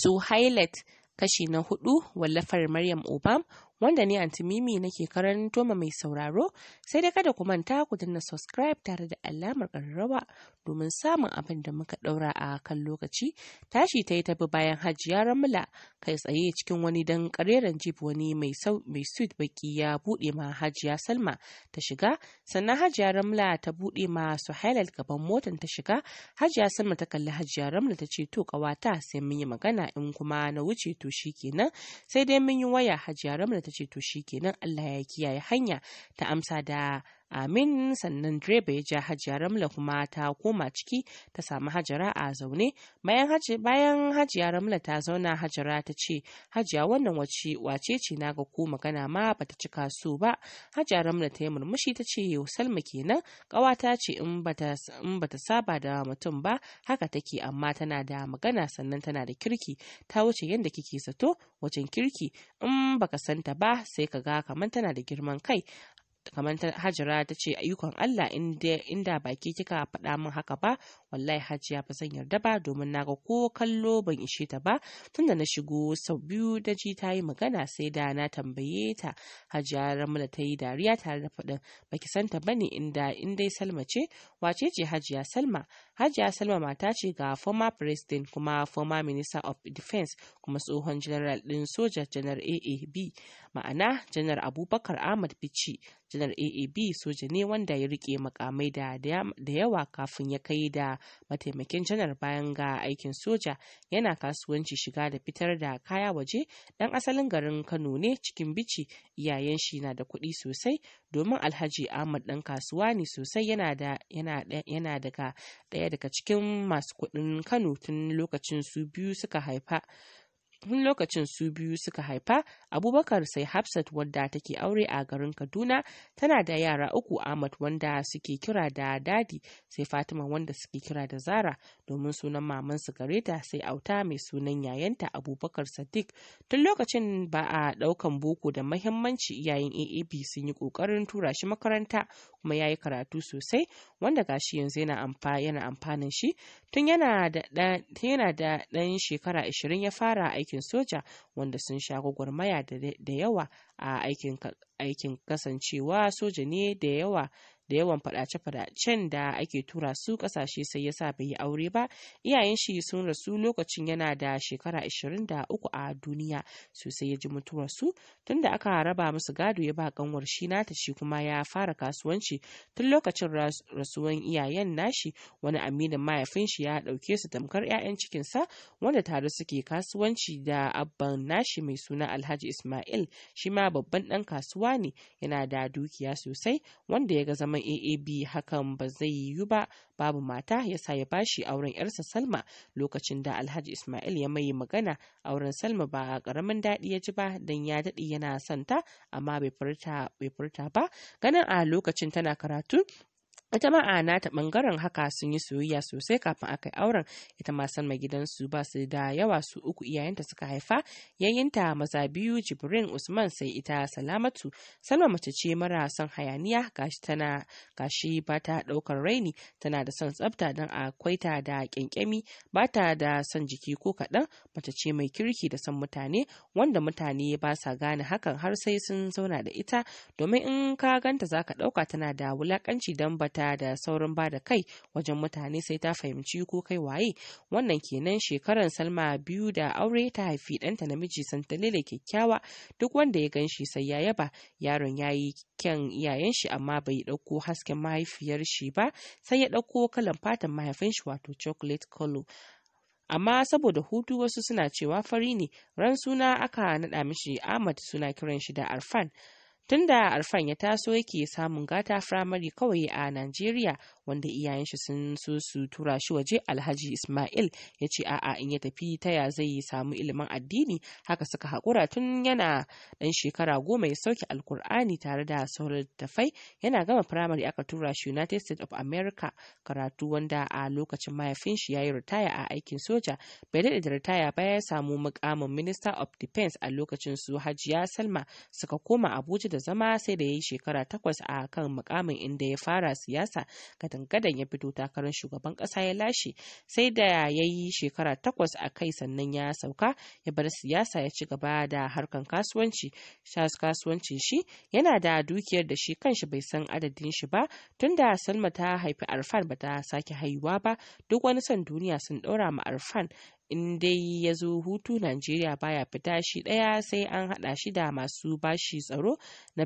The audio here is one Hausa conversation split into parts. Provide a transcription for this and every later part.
su highlight kashi na hudu wallafar maryam obam wanda ni anti mimi nake karanto ma mai sauraro sai dai kada ku manta ku danna subscribe tare da alamar ƙararrawa domin samun abin da muka ɗaura a kan lokaci tashi ta yi tafi bayan hajiya ramla kai tsaye cikin wani dan ƙareren jeep wani mai suit baki ya buɗe ma hajiya salma ta shiga sannan hajiya ramla ta buɗe ma suhailal gaban motan ta shiga hajiya salma ta kalli hajiya ramla ta ce to ƙawata sai mun yi magana in kuma na wuce to shikenan sai dai mun yi waya hajiya ramla ta ce to shi kenan Allah ya kiyaye hanya ta amsa da amin sannan direba ya ja hajiya ramla kuma ta koma ciki ta samu hajara a zaune bayan hajiya ramla ta zauna hajara ta ce hajiya wannan wace ce na ga ko magana ma bata cika so ba hajiya ramla ta yi murmushi ta ce salma kenan ƙawata ce in bata saba da mutum ba haka take amma tana da magana sannan tana da kirki ta wuce yadda kike sato wajen kirki in baka santa ba sai ka ga kamar tana da girman kai kamar hajira ta ce ayyukan allah inda baki kika faɗa min haka ba wallahi hajiya ba zan yarda ba domin na ga ko kallo ban ishe ta ba tunda na shigo sau biyu da ji ta yi magana sai da na tambaye ta hajiya ramla ta yi dariya tare da faɗin baki santa bane inda in dai salma ce wace ce hajiya salma hajiya salma mata ce ga former president kuma former minister of defense kuma tsohon general ɗin soja janar aab ma'ana janar abubakar ahmad bichi janar aab soja ne wanda ya rike makamai da yawa kafin ya kai da mataimakin janar bayan ga aikin soja yana kasuwanci shiga da fitar da kaya waje dan asalin garin kano ne cikin bici iyayen shi na da kuɗi sosai domin alhaji ahmad dan kasuwa ne sosai yana yana daga ɗaya daga cikin masu kuɗin kano tun lokacin su biyu suka haifa tun lokacin su biyu suka haifa abubakar sai hafsat wadda take aure a garin kaduna tana da yara uku ahmad wanda suke kira da dadi sai fatima wanda suke kira da zara domin sunan mamansu gareta sai auta mai sunan yayanta abubakar sadiq tun lokacin ba a daukan boko da mahimmanci iyayen aab sun yi kokarin tura shi makaranta kuma ya yi karatu sosai wanda gashi yanzu yana amfanin shi tun yana da ɗan shekara ashirin ya fara aikin kasance soja wanda sun sha gwagwarmaya da yawa a aikin kasancewa soja ne da yawa da yawan faɗace-faɗacen da ake tura su ƙasashe sai ya sa bai yi aure ba iyayen shi sun rasu lokacin yana da shekara 23 a duniya sosai ya ji mutuwar su tunda aka raba musu gado ya ba kanwar shi nata shi kuma ya fara kasuwanci tun lokacin rasuwan iyayen nashi wani aminin mahaifin shi ya dauke su tamkar 'ya'yan cikinsa wanda tare suke kasuwanci da abban nashi mai suna alhaji ismail shi ma babban dan kasuwa ne yana da dukiya sosai wanda ya ga zama kuma AAB hakan ba zai yiwu ba babu mata ya sa ya bashi auren yarsa Salma lokacin da Alhaji Ismail ya mai magana auren Salma ba karamin daɗi ya ji ba don ya daɗe yana son ta amma bai furta ba ganin a lokacin tana karatu ita ma a nata bangaren haka sun yi soyayya sosai kafin aka yi auren ita ma san mai gidansu ba su da yawa su uku iyayenta suka haifa yayinta maza biyu jibrin usman sai ita salamatu salma mace ce mara son hayaniya gashi tana gashi ba ta daukar raini tana da son tsabta don akwai ta da kyankyami ba ta da son jiki ko kaɗan mace ce mai kirki da son mutane wanda mutane ba sa gane hakan har sai sun zauna da ita domin in ka ganta zaka dauka tana da wulakanci don ba ta da saurin ba da kai wajen mutane sai ta fahimci ko kai waye wannan kenan shekaran salma biyu da aure ta haifi ɗanta namiji santalele kyakkyawa duk wanda ya gan shi sai ya yaba yaron ya yi kyan iyayen shi amma bai ɗauko hasken mahaifiyar shi ba sai ya ɗauko kalan fatan mahaifin shi wato chocolate color amma saboda hutu wasu suna cewa fari ne ran suna aka naɗa mishi ahmad suna kiran shi da arfan tun da Arfan ya taso yake samun gata firamare kawai a Najeriya wanda iyayenshi sun so su tura shi waje Alhaji Ismail ya ce a'a in ya tafi taya zai samu ilimin addini haka suka haƙura tun yana ɗan shekara goma ya sauke alkur'ani tare da sauran tafai yana gama firamare aka tura shi United States of America karatu wanda a lokacin mahaifin shi ya yi ritaya a aikin soja bai daɗe da ritaya ba ya samu mukamin Minister of Defense a lokacin su Hajiya Salma suka koma Abuja da zama sai da ya yi shekara takwas a kan mukamin inda ya fara siyasa gadangadan ya fito takarar shugaban kasa ya lashe sai da ya yi shekara takwas a kai sannan ya sauka ya bar siyasa ya ci gaba da harkan kasuwanci kasuwancin shi yana da dukiyar da shi kanshi bai san adadin shi ba tunda salma ta haifi arfan ba ta sake haihuwa ba duk wani son duniya sun ɗora ma arfan in dai ya zo hutu Najeriya baya fita shi ɗaya sai an haɗa shi da masu bashi tsaro na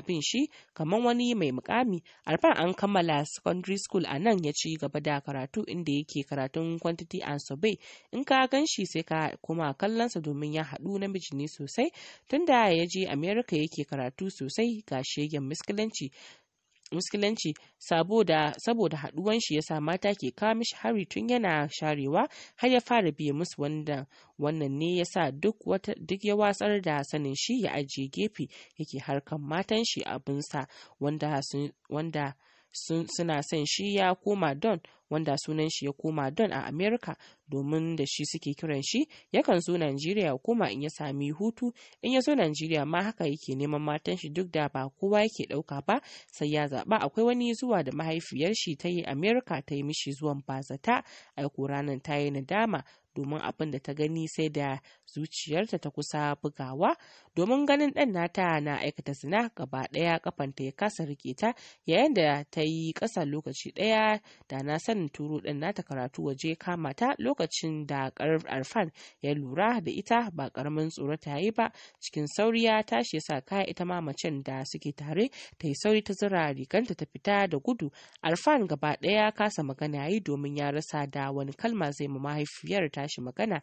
bin shi kamar wani mai mukami alfan an kammala secondary school a nan ya ci gaba da karatu inda yake karatun quantity and survey in ka gan shi sai ka kuma kallonsa domin ya haɗu namiji ne sosai tunda ya je America yake karatu sosai ga shegen miskilanci muskilanci saboda saboda haduwan shi yasa mata ke kawo mishi hari tun yana sharewa har ya fara biye musu wannan ne yasa duk duk ya watsar da sanin shi ya ajiye gefe yake harkan matan shi abinsa wanda sun wanda suna son shi ya koma don wanda sunan shi ya koma don a Amerika domin da shi suke kiran shi yakan zo Najeriya koma in ya sami hutu in ya zo Najeriya ma haka yake neman matan shi duk da ba kowa yake ɗauka ba sai ya zaɓa akwai wani zuwa da mahaifiyar shi ta yi Amerika ta yi mishi zuwan bazata aiko ranar ta yi nadama domin abin da ta gani sai da zuciyarta ta kusa bugawa domin ganin ɗan nata na aikata zina gaba ɗaya kafanta ya kasa rike ta yayin da ta yi ƙasa lokaci ɗaya da na san kan turo ɗin nata karatu waje kama ta lokacin da arfan ya lura da ita ba karamin tsoro ta yi ba cikin sauri ya tashi yasa sa kaya ita ma macen da suke tare ta yi sauri ta zira riganta ta fita da gudu arfan gaba ɗaya kasa magana yi domin ya rasa da wani kalma zai ma mahaifiyar tashi magana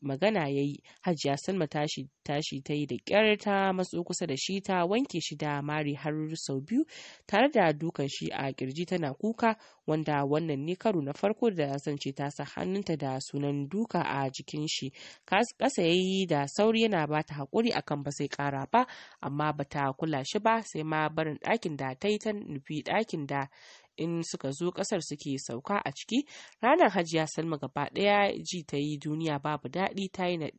magana ya yi hajiya salma tashi tashi ta yi da ƙyar ta matso kusa da shi ta wanke shi da mari har sau biyu tare da dukan shi a kirji tana kuka wanda wannan ne karo na farko da zan ce ta sa hannunta da sunan duka a jikin shi kasa ya yi da sauri yana ba ta haƙuri akan ba sai ƙara ba amma ba ta kula shi ba sai ma barin ɗakin da ta yi ta nufi ɗakin da in suka zo kasar suke sauka a ciki ranar hajiya salma gaba daya ji ta yi duniya babu daɗi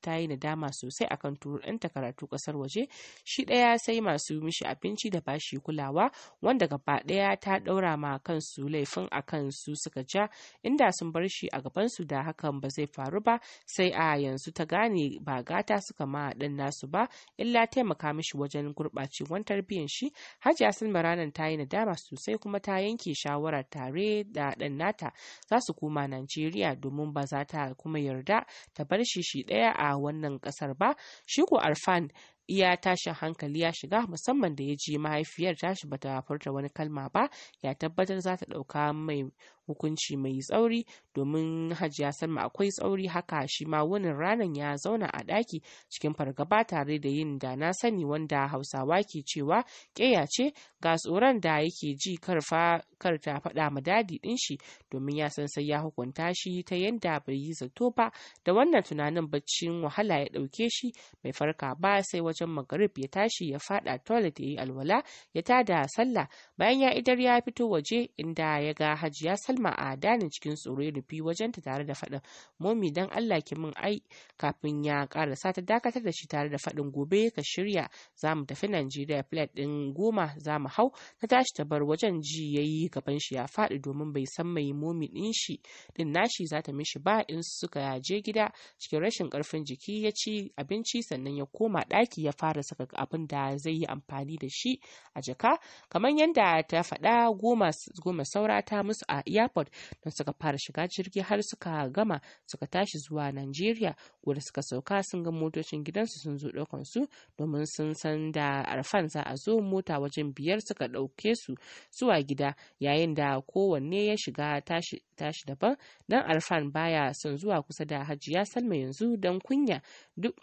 ta yi nadama sosai akan ɗanta karatu kasar waje shi ɗaya sai masu mishi abinci da bashi kulawa wanda gaba daya ta ɗaura ma kansu laifin akan su suka ja inda sun bar shi a gaban su da hakan ba zai faru ba sai a yanzu ta gane ba gata suka ma ɗan nasu ba illa taimaka mishi wajen gurɓacewan tarbiyyar shi hajiya salma ranar ta yi nadama sosai kuma ta yanke sha shawara tare da ɗan nata za su koma Najeriya domin ba za ta kuma yarda ta bar shi shi ɗaya a wannan ƙasar ba. Shi ko Arfan iya tashin hankali ya shiga musamman da ya ji mahaifiyar tashi bata furta wani kalma ba ya tabbatar za ta ɗauka mai hukunci mai tsauri domin hajiya salma akwai tsauri haka shi ma wunin ranar ya zauna a ɗaki cikin fargaba tare da yin da na sani wanda hausawa ke cewa ƙeya ce ga tsoron da yake ji karfa kar ta faɗa ma dadi ɗin shi domin ya san sai ya hukunta shi ta yadda bai yi zato ba da wannan tunanin baccin wahala ya ɗauke shi bai farka ba sai wajen magarib ya tashi ya faɗa toilet ya yi alwala ya tada sallah bayan ya idar ya fito waje inda ya ga hajiya salma a danin cikin tsoro wajen wajenta tare da faɗin momi dan allah ki min ai kafin ya kara sa ta dakatar da shi tare da faɗin gobe ka shirya za mu tafi najeriya flat ɗin goma za mu hau ta tashi ta bar wajen ji ya yi gaban shi ya faɗi domin bai san mai momi ɗin shi ɗin nashi za ta mishi ba in suka je gida cikin rashin karfin jiki ya ci abinci sannan ya koma ɗaki ya fara saka abin da zai yi amfani da shi a jaka kamar yadda ta faɗa goma saura ta musu a airport don suka fara shiga jirgi har suka gama suka tashi zuwa Najeriya wanda suka sauka sun ga motocin gidansu sun zo ɗaukan su domin sun san da arfan za a zo mota wajen biyar suka ɗauke su zuwa gida yayin da kowanne ya shiga tashi tashi daban dan arfan baya son zuwa kusa da hajiya salma yanzu don kunya duk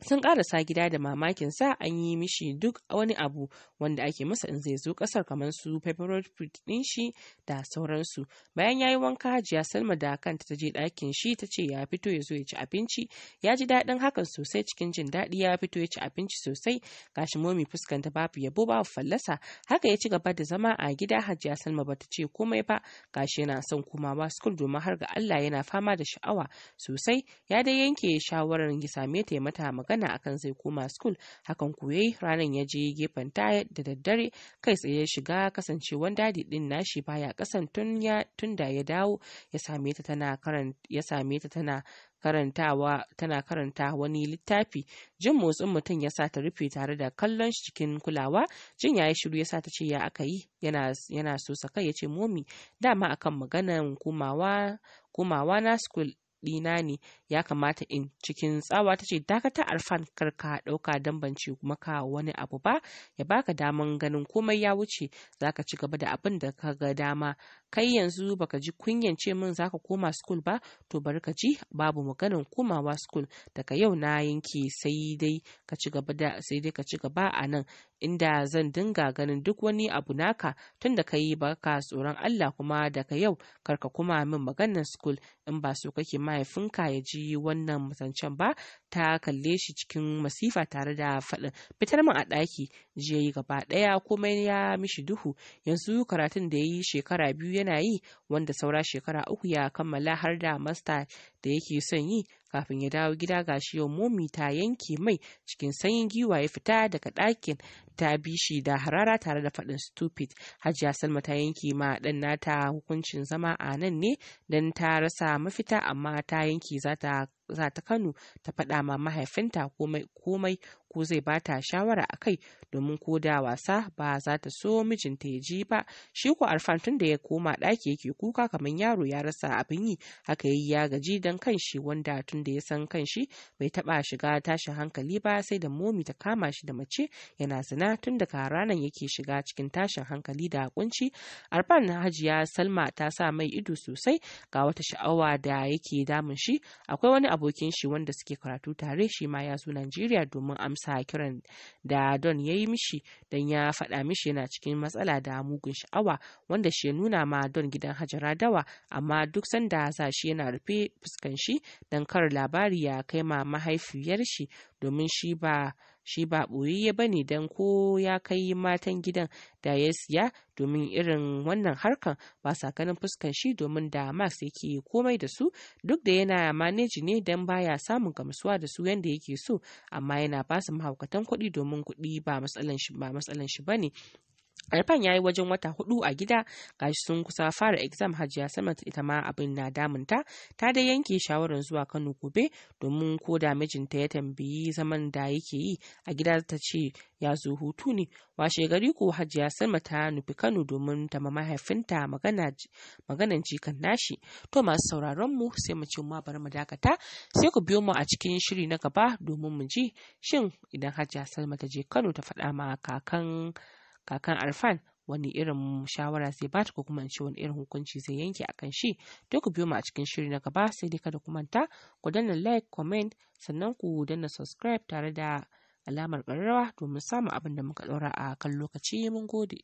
sun ƙarasa gida da mamakin sa an yi mishi duk wani abu wanda ake masa in zai zo kasar kamar su favorite food din shi da sauransu bayan ya yi wanka hajiya salma da kanta ta je ɗakin shi ta ce ya fito ya zo ya ci abinci ya ji daɗin hakan sosai cikin jin daɗi ya fito ya ci abinci sosai gashi momi fuskanta babu yabo babu fallasa haka ya ci gaba da zama a gida hajiya salma ba ta ce komai ba gashi yana son komawa school domin har ga Allah yana fama da sha'awa sosai ya dai yanke shawarar ya same ta ya mata magana akan zai koma school hakan ku yayi ranar ya je gefen ta da daddare kai tsaye ya shiga kasancewan dadi din nashi baya kasan tun ya tun da ya dawo ya same ta tana karanta ya same ta tana karantawa tana karanta wani littafi jin motsin mutum ya sa ta rufe tare da kallon shi cikin kulawa jin ya yi shiru ya sa ta ce ya aka yi yana so sa kai ya ce momi dama akan maganan komawa komawa na school dina ne ya kamata in cikin tsawa ta ce dakata arfan kar ka ɗauka don ban ce maka wani abu ba ya baka daman ganin komai ya wuce zaka ci gaba da abin da ka ga dama kai yanzu baka ji kunyan ce min zaka koma school ba to bari ka ji babu maganin komawa school daga yau na yanke sai dai ka ci gaba da sai dai ka ci gaba a nan inda zan dinga ganin duk wani abu naka tun da ka baka tsoron Allah kuma daga yau kar ka koma min maganin school in ba so kake mahaifinka ya ji yi wannan zancen ba ta kalle shi cikin masifa tare da faɗin fitar min a ɗaki jiya yi gaba ɗaya komai ya mishi duhu yanzu karatun da ya yi shekara biyu yana yi wanda saura shekara uku ya kammala har da masta da yake son yi kafin ya dawo gida shi yau momi ta yanke mai cikin sanyin giwa ya fita daga ɗakin ta bi shi da harara tare da faɗin stupid hajiya salma ta yanke ma ɗan nata hukuncin zama a nan ne don ta rasa mafita amma ta yanke za ta za ta Kano ta faɗa ma mahaifinta komai ko zai ba ta shawara a kai domin ko da wasa ba za ta so mijinta ya ji ba shi ko arfan tun da ya koma ɗaki yake kuka kamar yaro ya rasa abin yi haka yi ya gaji dan shi wanda tun da ya san kan shi bai taɓa shiga tashin hankali ba sai da momi ta kama shi da mace yana zina tun daga ranar yake shiga cikin tashin hankali da kunci arfan hajiya salma ta sa mai ido sosai ga wata sha'awa da yake damun shi akwai wani abokin shi wanda suke karatu tare shi ma ya zo Najeriya domin amsa kiran da Don ya yi mishi don ya faɗa mishi yana cikin matsala da mugun sha'awa wanda shi ya nuna ma Don gidan Hajara Dawa amma duk sanda za shi yana rufe fuskan shi don kar labari ya kai ma mahaifiyar shi domin shi ba shi ba ɓoyayye ba ne don ko ya kai matan gidan da ya siya domin irin wannan harkan ba sa fuskan shi domin da max yake komai da su duk da yana maneji ne don baya samun gamsuwa da su yadda yake so amma yana ba su mahaukatan kuɗi domin kuɗi ba matsalan shi ba ne alfan ya yi wajen wata hudu a gida ga shi sun kusa fara exam hajiya samat ita ma abin na damunta ta da yanke shawarar zuwa Kano gobe domin ko da mijinta ya tambayi zaman da yake yi a gida ta ce ya zo hutu ne washe gari ko hajiya sama ta nufi Kano domin ta ma mahaifinta maganan jikan nashi to masu sauraron mu sai mu ce ma bari mu dakata sai ku biyo mu a cikin shiri na gaba domin mu ji shin idan hajiya sama ta je Kano ta faɗa ma kakan kakan arfan wani irin shawara zai bata ko kuma in ce wani irin hukunci zai yanke a kan shi to ku biyo mu a cikin shiri na gaba sai dai kada ku manta ku danna like comment sannan ku danna subscribe tare da alamar ƙararrawa domin samun abin da muka ɗora a kan lokaci mun gode